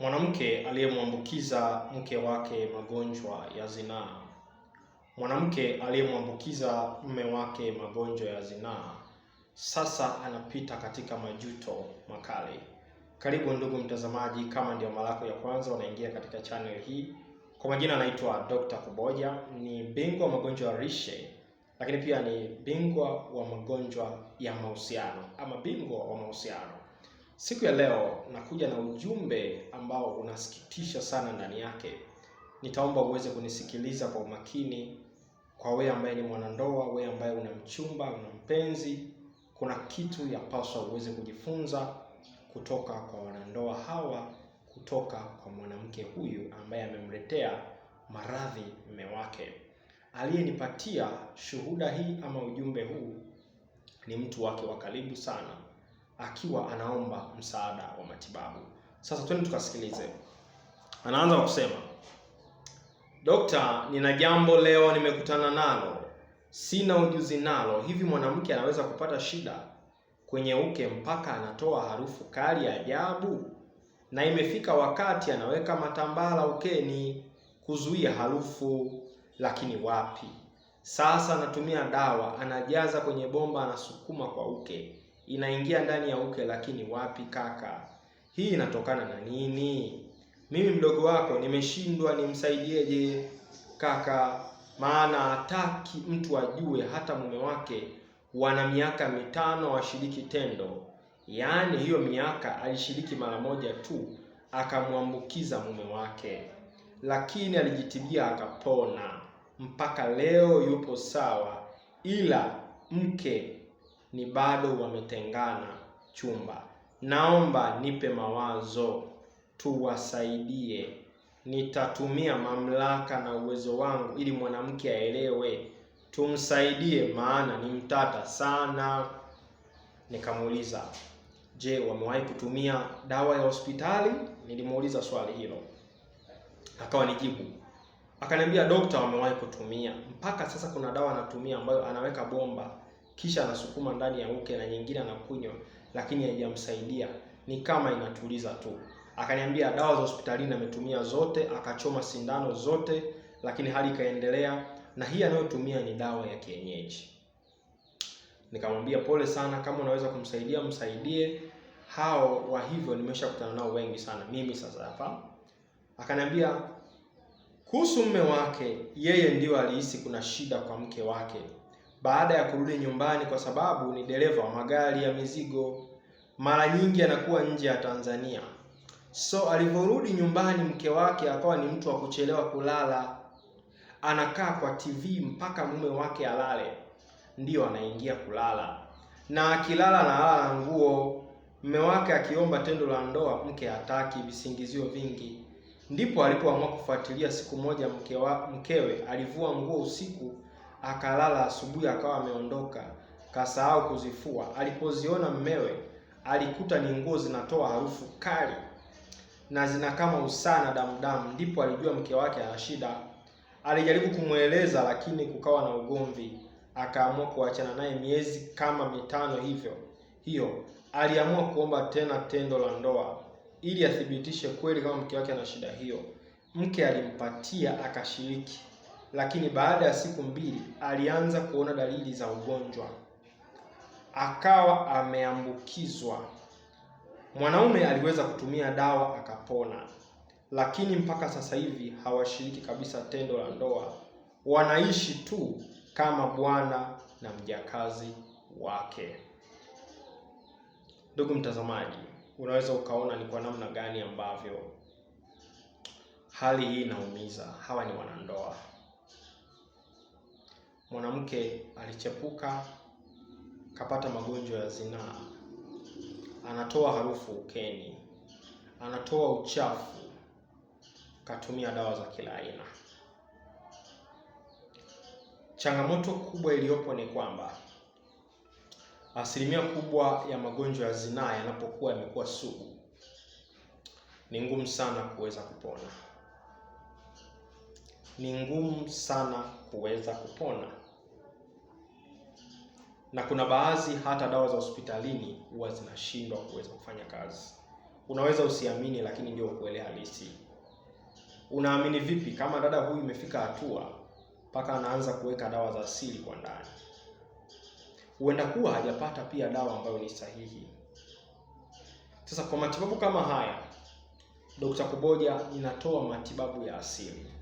Mwanamke aliyemwambukiza mke wake magonjwa ya zinaa. Mwanamke aliyemwambukiza mume wake magonjwa ya zinaa sasa anapita katika majuto makali. Karibu ndugu mtazamaji, kama ndio mara yako ya kwanza unaingia katika channel hii, kwa majina anaitwa Dr. Kuboja, ni bingwa wa magonjwa ya rishe, lakini pia ni bingwa wa magonjwa ya mahusiano ama bingwa wa mahusiano. Siku ya leo nakuja na ujumbe ambao unasikitisha sana ndani yake. Nitaomba uweze kunisikiliza kwa umakini. Kwa wewe ambaye ni mwanandoa, wewe ambaye una mchumba, una mpenzi, kuna kitu ya paswa uweze kujifunza kutoka kwa wanandoa hawa, kutoka kwa mwanamke huyu ambaye amemletea maradhi mume wake. Aliyenipatia shuhuda hii ama ujumbe huu ni mtu wake wa karibu sana akiwa anaomba msaada wa matibabu. Sasa twende tukasikilize. Anaanza kwa kusema, Dokta, nina jambo leo nimekutana nalo, sina ujuzi nalo. Hivi mwanamke anaweza kupata shida kwenye uke mpaka anatoa harufu kali ya ajabu, na imefika wakati anaweka matambala ukeni kuzuia harufu, lakini wapi? Sasa anatumia dawa, anajaza kwenye bomba, anasukuma kwa uke inaingia ndani ya uke, lakini wapi kaka? Hii inatokana na nini? Mimi mdogo wako nimeshindwa nimsaidieje kaka? Maana hataki mtu ajue hata mume wake wana miaka mitano washiriki tendo. Yaani hiyo miaka alishiriki mara moja tu, akamwambukiza mume wake, lakini alijitibia akapona, mpaka leo yupo sawa, ila mke ni bado wametengana chumba. Naomba nipe mawazo tuwasaidie. Nitatumia mamlaka na uwezo wangu ili mwanamke aelewe, tumsaidie, maana ni mtata sana. Nikamuuliza, je, wamewahi kutumia dawa ya hospitali? Nilimuuliza swali hilo, akawa nijibu akaniambia, dokta, wamewahi kutumia. Mpaka sasa kuna dawa anatumia ambayo anaweka bomba kisha anasukuma ndani ya uke na nyingine anakunywa, lakini haijamsaidia, ni kama inatuliza tu. Akaniambia dawa za hospitalini ametumia zote, akachoma sindano zote, lakini hali ikaendelea, na hii anayotumia ni dawa ya kienyeji. Nikamwambia pole sana, kama unaweza kumsaidia msaidie. Hao wa hivyo nimeshakutana nao wengi sana mimi sasa hapa. Akaniambia kuhusu mume wake, yeye ndio alihisi kuna shida kwa mke wake, baada ya kurudi nyumbani, kwa sababu ni dereva wa magari ya mizigo, mara nyingi anakuwa nje ya Tanzania. So alivyorudi nyumbani, mke wake akawa ni mtu wa kuchelewa kulala, anakaa kwa TV mpaka mume wake alale, ndiyo anaingia kulala, na akilala analala na nguo. Mume wake akiomba tendo la ndoa, mke hataki, visingizio vingi. Ndipo alipoamua kufuatilia. Siku moja mke wa, mkewe alivua nguo usiku akalala. Asubuhi akawa ameondoka, kasahau kuzifua. Alipoziona mmewe, alikuta ni nguo zinatoa harufu kali na zina kama usaa na damdamu Ndipo alijua mke wake ana shida. Alijaribu kumweleza lakini kukawa na ugomvi, akaamua kuachana naye miezi kama mitano hivyo hiyo. Aliamua kuomba tena tendo la ndoa ili athibitishe kweli kama mke wake ana shida hiyo. Mke alimpatia akashiriki lakini baada ya siku mbili alianza kuona dalili za ugonjwa, akawa ameambukizwa. Mwanaume aliweza kutumia dawa akapona, lakini mpaka sasa hivi hawashiriki kabisa tendo la ndoa, wanaishi tu kama bwana na mjakazi wake. Ndugu mtazamaji, unaweza ukaona ni kwa namna gani ambavyo hali hii inaumiza. Hawa ni wanandoa mwanamke alichepuka, kapata magonjwa ya zinaa, anatoa harufu ukeni, anatoa uchafu, katumia dawa za kila aina. Changamoto kubwa iliyopo ni kwamba asilimia kubwa ya magonjwa ya zinaa yanapokuwa yamekuwa sugu, ni ngumu sana kuweza kupona ni ngumu sana kuweza kupona, na kuna baadhi hata dawa za hospitalini huwa zinashindwa kuweza kufanya kazi. Unaweza usiamini, lakini ndio ukweli halisi. Unaamini vipi kama dada huyu imefika hatua mpaka anaanza kuweka dawa za asili kwa ndani? Huenda kuwa hajapata pia dawa ambayo ni sahihi. Sasa kwa matibabu kama haya, Dr. Kuboja inatoa matibabu ya asili.